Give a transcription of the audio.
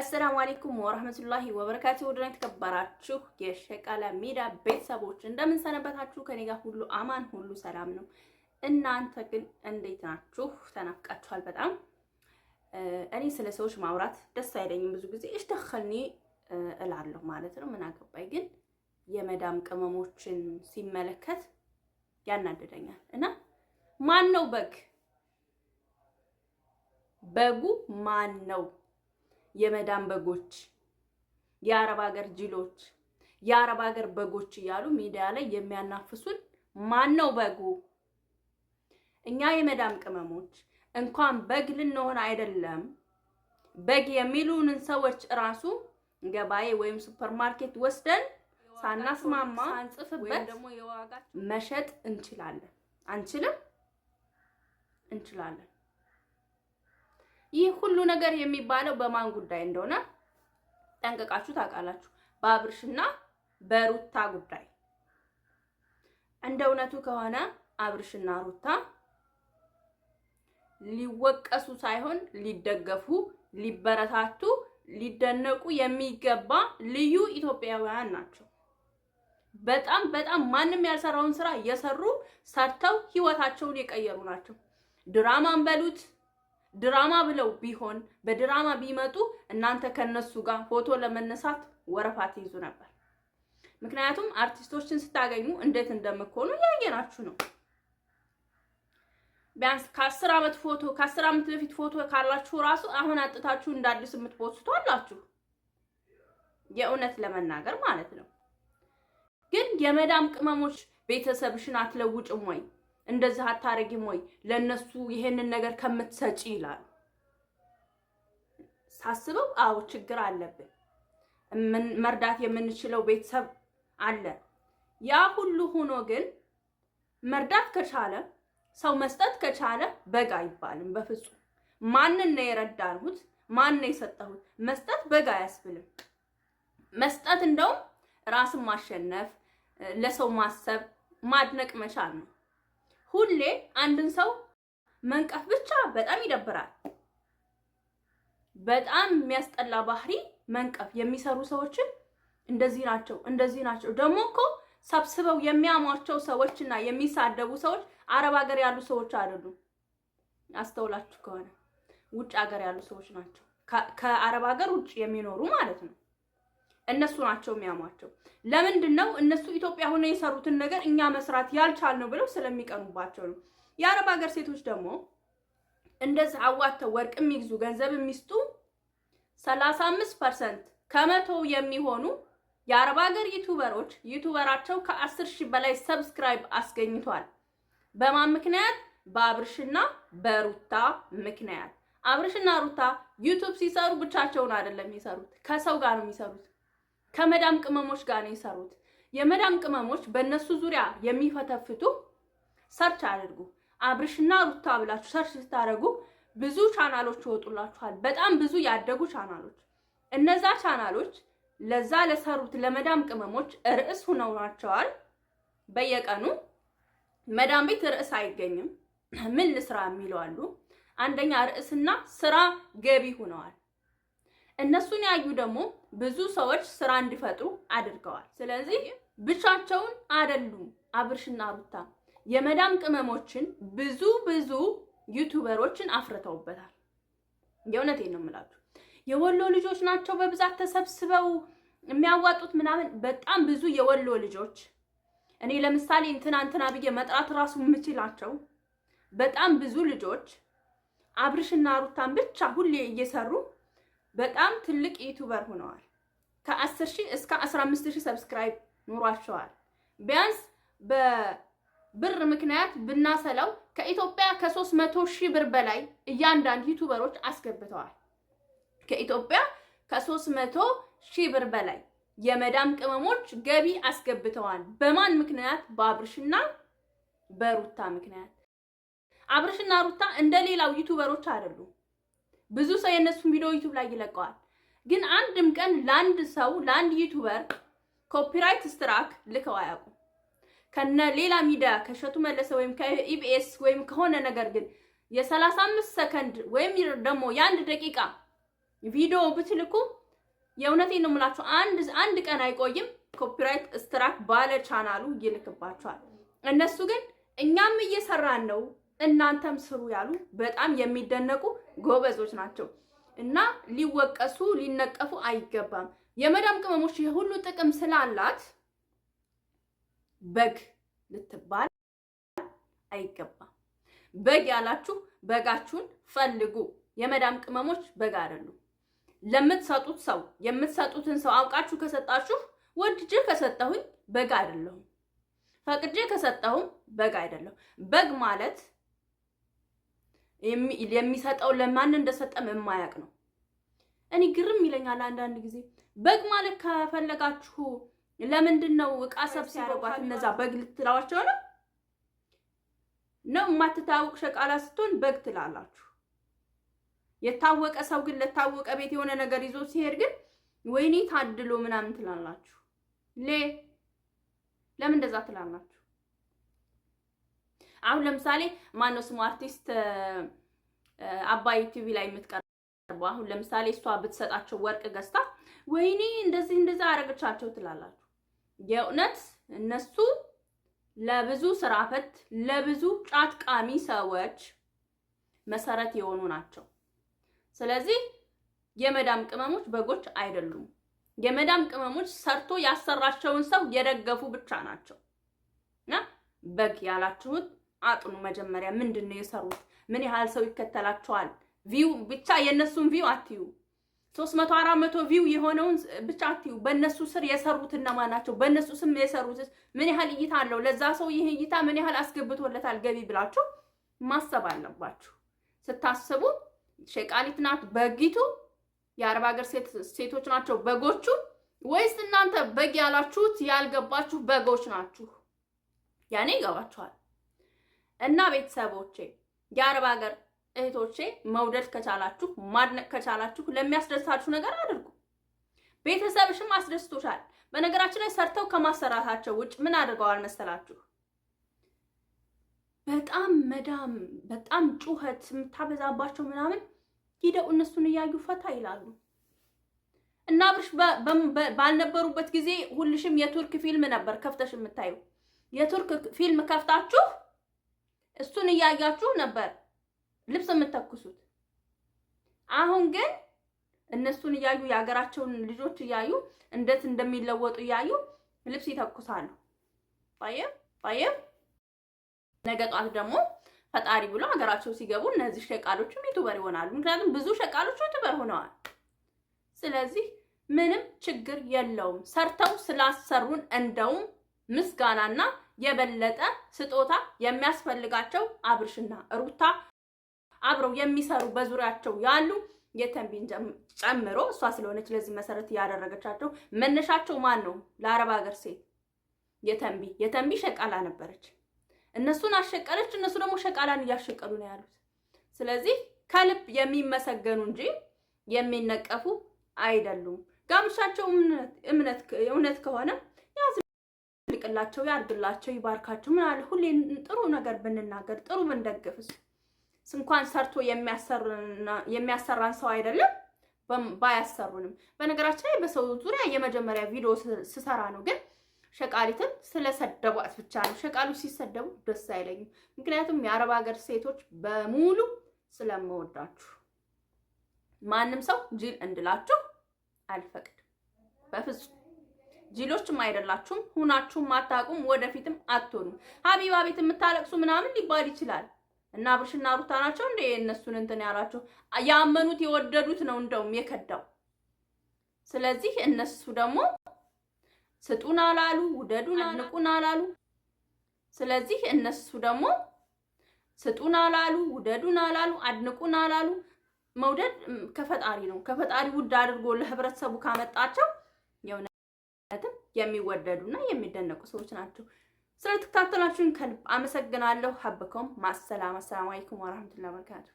አሰላሙ አሌይኩም ወረህመቱላሂ ወበረካቱ ወደና የተከበራችሁ የሸቃላ ሚዲያ ቤተሰቦች እንደምንሰነበታችሁ? ከኔ ጋር ሁሉ አማን ሁሉ ሰላም ነው። እናንተ ግን እንዴት ናችሁ? ተናፍቃችኋል በጣም። እኔ ስለ ሰዎች ማውራት ደስ አይለኝም ብዙ ጊዜ እሽተኸልኒ እላለሁ ማለት ነው። ምን አገባኝ ግን የመዳም ቅመሞችን ሲመለከት ያናደደኛል። እና ማን ነው በግ በጉ ማን ነው የመዳን በጎች፣ የአረብ ሀገር ጅሎች፣ የአረብ ሀገር በጎች እያሉ ሚዲያ ላይ የሚያናፍሱን ማን ነው በጉ? እኛ የመዳም ቅመሞች እንኳን በግ ልንሆን አይደለም በግ የሚሉንን ሰዎች እራሱ ገባዬ ወይም ሱፐርማርኬት ወስደን ሳናስማማ ሳንጽፍበት መሸጥ እንችላለን። አንችልም? እንችላለን። ይህ ሁሉ ነገር የሚባለው በማን ጉዳይ እንደሆነ ጠንቅቃችሁ ታውቃላችሁ። በአብርሽና በሩታ ጉዳይ። እንደ እውነቱ ከሆነ አብርሽና ሩታ ሊወቀሱ ሳይሆን ሊደገፉ፣ ሊበረታቱ፣ ሊደነቁ የሚገባ ልዩ ኢትዮጵያውያን ናቸው። በጣም በጣም ማንም ያልሰራውን ስራ እየሰሩ ሰርተው ህይወታቸውን የቀየሩ ናቸው። ድራማን በሉት ድራማ ብለው ቢሆን በድራማ ቢመጡ እናንተ ከነሱ ጋር ፎቶ ለመነሳት ወረፋ ትይዙ ነበር። ምክንያቱም አርቲስቶችን ስታገኙ እንዴት እንደምትሆኑ ያየናችሁ ነው። ቢያንስ ከአስር ዓመት ፎቶ ከአስር ዓመት በፊት ፎቶ ካላችሁ ራሱ አሁን አጥታችሁ እንደ አዲስ የምትፖስቱ አላችሁ። የእውነት ለመናገር ማለት ነው። ግን የመዳም ቅመሞች ቤተሰብሽን አትለውጭም ወይ? እንደዚህ አታረጊም ወይ ለእነሱ ይሄንን ነገር ከምትሰጪ ይላሉ። ሳስበው አዎ ችግር አለብን። መርዳት የምንችለው ቤተሰብ አለ። ያ ሁሉ ሆኖ ግን መርዳት ከቻለ ሰው መስጠት ከቻለ በግ አይባልም በፍጹም። ማንን ነው የረዳሁት? ማን ነው የሰጠሁት? መስጠት በግ አያስብልም። መስጠት እንደውም ራስን ማሸነፍ፣ ለሰው ማሰብ፣ ማድነቅ መቻል ነው። ሁሌ አንድን ሰው መንቀፍ ብቻ በጣም ይደብራል። በጣም የሚያስጠላ ባህሪ መንቀፍ። የሚሰሩ ሰዎችን እንደዚህ ናቸው እንደዚህ ናቸው። ደግሞ እኮ ሰብስበው የሚያሟቸው ሰዎች እና የሚሳደቡ ሰዎች አረብ ሀገር ያሉ ሰዎች አይደሉም። አስተውላችሁ ከሆነ ውጭ ሀገር ያሉ ሰዎች ናቸው። ከአረብ ሀገር ውጭ የሚኖሩ ማለት ነው። እነሱ ናቸው የሚያሟቸው። ለምንድን ነው እነሱ ኢትዮጵያ ሆነ የሰሩትን ነገር እኛ መስራት ያልቻልነው ብለው ስለሚቀኑባቸው ነው። የአረብ ሀገር ሴቶች ደግሞ እንደዚህ አዋተው ወርቅ የሚግዙ ገንዘብ የሚስጡ 35 ፐርሰንት ከመቶ የሚሆኑ የአረብ ሀገር ዩቱበሮች ዩቱበራቸው ከ10 ሺህ በላይ ሰብስክራይብ አስገኝቷል። በማን ምክንያት? በአብርሽና በሩታ ምክንያት። አብርሽና ሩታ ዩቱብ ሲሰሩ ብቻቸውን አይደለም የሚሰሩት፣ ከሰው ጋር ነው የሚሰሩት። ከመዳም ቅመሞች ጋር ነው የሰሩት። የመዳም ቅመሞች በእነሱ ዙሪያ የሚፈተፍቱ ሰርች አድርጉ። አብርሽና ሩታ ብላችሁ ሰርች ስታደርጉ ብዙ ቻናሎች ይወጡላችኋል። በጣም ብዙ ያደጉ ቻናሎች። እነዛ ቻናሎች ለዛ ለሰሩት ለመዳም ቅመሞች ርዕስ ናቸዋል። በየቀኑ መዳም ቤት ርዕስ አይገኝም። ምን ልስራ የሚለዋሉ። አንደኛ ርዕስና ስራ ገቢ ሆነዋል። እነሱን ያዩ ደግሞ ብዙ ሰዎች ስራ እንዲፈጥሩ አድርገዋል። ስለዚህ ብቻቸውን አይደሉም። አብርሽና ሩታ የመዳም ቅመሞችን ብዙ ብዙ ዩቱበሮችን አፍርተውበታል። የእውነቴን ነው የምላችሁ። የወሎ ልጆች ናቸው በብዛት ተሰብስበው የሚያዋጡት ምናምን በጣም ብዙ የወሎ ልጆች እኔ ለምሳሌ እንትና እንትና ብዬ መጥራት ራሱ የምችላቸው በጣም ብዙ ልጆች አብርሽና ሩታን ብቻ ሁሌ እየሰሩ በጣም ትልቅ ዩቲዩበር ሆነዋል። ከ10 ሺህ እስከ 15 ሺህ ሰብስክራይብ ኑሯቸዋል። ቢያንስ በብር ምክንያት ብናሰለው ከኢትዮጵያ ከ300 ሺህ ብር በላይ እያንዳንድ ዩቲዩበሮች አስገብተዋል። ከኢትዮጵያ ከ300 ሺህ ብር በላይ የመዳም ቅመሞች ገቢ አስገብተዋል። በማን ምክንያት? በአብርሽና በሩታ ምክንያት። አብርሽና ሩታ እንደሌላው ዩቲዩበሮች አይደሉም። ብዙ ሰው የእነሱን ቪዲዮ ዩቱብ ላይ ይለቀዋል። ግን አንድም ቀን ለአንድ ሰው ለአንድ ዩቱበር ኮፒራይት ስትራክ ልከው አያውቁም። ከነ ሌላ ሚዲያ ከሸቱ መለሰ ወይም ከኢቢኤስ ወይም ከሆነ ነገር ግን የ 35 ሰከንድ ወይም ደግሞ የአንድ ደቂቃ ቪዲዮ ብትልኩ የእውነቴን ነው የምላችሁ አንድ አንድ ቀን አይቆይም። ኮፒራይት ስትራክ ባለ ቻናሉ ይልክባቸዋል። እነሱ ግን እኛም እየሰራን ነው እናንተም ስሩ ያሉ በጣም የሚደነቁ ጎበዞች ናቸው እና ሊወቀሱ ሊነቀፉ አይገባም። የመዳም ቅመሞች የሁሉ ጥቅም ስላላት በግ ልትባል አይገባም። በግ ያላችሁ በጋችሁን ፈልጉ። የመዳም ቅመሞች በግ አይደሉ። ለምትሰጡት ሰው የምትሰጡትን ሰው አውቃችሁ ከሰጣችሁ ወድጄ ከሰጠሁኝ በግ አይደለሁም። ፈቅጄ ከሰጠሁም በግ አይደለሁም። በግ ማለት የሚሰጠው ለማን እንደሰጠም የማያውቅ ነው። እኔ ግርም ይለኛል አንዳንድ ጊዜ። በግ ማለት ከፈለጋችሁ ለምንድን ነው እቃ ሰብሲያደርጓት እነዛ በግ ልትላዋቸው ነው ነው የማትታወቅ ሸቃላ ስትሆን በግ ትላላችሁ። የታወቀ ሰው ግን ለታወቀ ቤት የሆነ ነገር ይዞ ሲሄድ ግን ወይኔ ታድሎ ምናምን ትላላችሁ። ሌ ለምን እንደዛ ትላላችሁ? አሁን ለምሳሌ ማነው ስሙ አርቲስት አባይ ቲቪ ላይ የምትቀርበው አሁን ለምሳሌ እሷ ብትሰጣቸው ወርቅ ገዝታ ወይኔ እንደዚህ እንደዛ አረገቻቸው ትላላችሁ። የእውነት እነሱ ለብዙ ስራ ፈት ለብዙ ጫት ቃሚ ሰዎች መሰረት የሆኑ ናቸው። ስለዚህ የመዳም ቅመሞች በጎች አይደሉም። የመዳም ቅመሞች ሰርቶ ያሰራቸውን ሰው የደገፉ ብቻ ናቸው እና በግ ያላችሁት አጥኑ። መጀመሪያ ምንድን ነው የሰሩት? ምን ያህል ሰው ይከተላቸዋል? ቪው ብቻ የእነሱን ቪው አትዩ። ሶስት መቶ አራት መቶ ቪው የሆነውን ብቻ አትዩ። በእነሱ ስር የሰሩት እነማን ናቸው? በእነሱ ስም የሰሩት ምን ያህል እይታ አለው? ለዛ ሰው ይህ እይታ ምን ያህል አስገብቶለታል ገቢ ብላችሁ ማሰብ አለባችሁ። ስታስቡ ሸቃሊት ናት በጊቱ፣ የአረብ ሀገር ሴቶች ናቸው በጎቹ ወይስ እናንተ በግ ያላችሁት ያልገባችሁ በጎች ናችሁ? ያኔ ይገባችኋል። እና ቤተሰቦቼ የአረብ ሀገር እህቶቼ መውደድ ከቻላችሁ ማድነቅ ከቻላችሁ ለሚያስደስታችሁ ነገር አድርጉ። ቤተሰብሽም አስደስቶሻል። በነገራችን ላይ ሰርተው ከማሰራታቸው ውጭ ምን አድርገዋል መሰላችሁ? በጣም መዳም በጣም ጩኸት የምታበዛባቸው ምናምን ሂደው እነሱን እያዩ ፈታ ይላሉ። እና አብርሽ ባልነበሩበት ጊዜ ሁልሽም የቱርክ ፊልም ነበር ከፍተሽ የምታዩ። የቱርክ ፊልም ከፍታችሁ እሱን እያያችሁ ነበር ልብስ የምተኩሱት። አሁን ግን እነሱን እያዩ የሀገራቸውን ልጆች እያዩ እንዴት እንደሚለወጡ እያዩ ልብስ ይተኩሳሉ። ጠይብ ጠይብ። ነገ ጧት ደግሞ ፈጣሪ ብሎ ሀገራቸው ሲገቡ እነዚህ ሸቃሎችም ዩቱበር ይሆናሉ። ምክንያቱም ብዙ ሸቃሎች ዩቱበር ሆነዋል። ስለዚህ ምንም ችግር የለውም። ሰርተው ስላሰሩን እንደውም ምስጋናና የበለጠ ስጦታ የሚያስፈልጋቸው አብርሽና ሩታ አብረው የሚሰሩ በዙሪያቸው ያሉ የተንቢን ጨምሮ እሷ ስለሆነች ለዚህ መሰረት ያደረገቻቸው መነሻቸው ማን ነው? ለአረብ ሀገር ሴት የተንቢ የተንቢ ሸቃላ ነበረች። እነሱን አሸቀለች። እነሱ ደግሞ ሸቃላን እያሸቀሉ ነው ያሉት። ስለዚህ ከልብ የሚመሰገኑ እንጂ የሚነቀፉ አይደሉም። ጋብቻቸው እምነት እውነት ከሆነ ልቅላቸው ያርግላቸው፣ ይባርካቸው። ምን አለ ሁሌ ጥሩ ነገር ብንናገር ጥሩ ብንደግፍስ እንኳን ሰርቶ የሚያሰራን ሰው አይደለም ባያሰሩንም። በነገራችን ላይ በሰው ዙሪያ የመጀመሪያ ቪዲዮ ስሰራ ነው፣ ግን ሸቃሊትን ስለሰደቧት ብቻ ነው። ሸቃሉ ሲሰደቡ ደስ አይለኝም፣ ምክንያቱም የአረብ ሀገር ሴቶች በሙሉ ስለምወዳችሁ ማንም ሰው ጅል እንድላችሁ አልፈቅድም በፍጹም። ጅሎችም አይደላችሁም፣ ሁናችሁም አታውቁም፣ ወደፊትም አትሆኑም። ሀቢባ ቤት የምታለቅሱ ምናምን ሊባል ይችላል እና ብርሽና ሩታ ናቸው እንደ የእነሱን እንትን ያላቸው ያመኑት የወደዱት ነው እንደውም የከዳው። ስለዚህ እነሱ ደግሞ ስጡን አላሉ፣ ውደዱን አንቁን አላሉ። ስለዚህ እነሱ ደግሞ ስጡን አላሉ፣ ውደዱን አላሉ፣ አድንቁን አላሉ። መውደድ ከፈጣሪ ነው። ከፈጣሪ ውድ አድርጎ ለህብረተሰቡ ካመጣቸው የሆነ ማለትም የሚወደዱና የሚደነቁ ሰዎች ናቸው። ስለተከታተላችሁን ከልብ አመሰግናለሁ። ሀብከውም ማሰላም። አሰላሙ አለይኩም ወራህመቱላሂ ወበረካቱ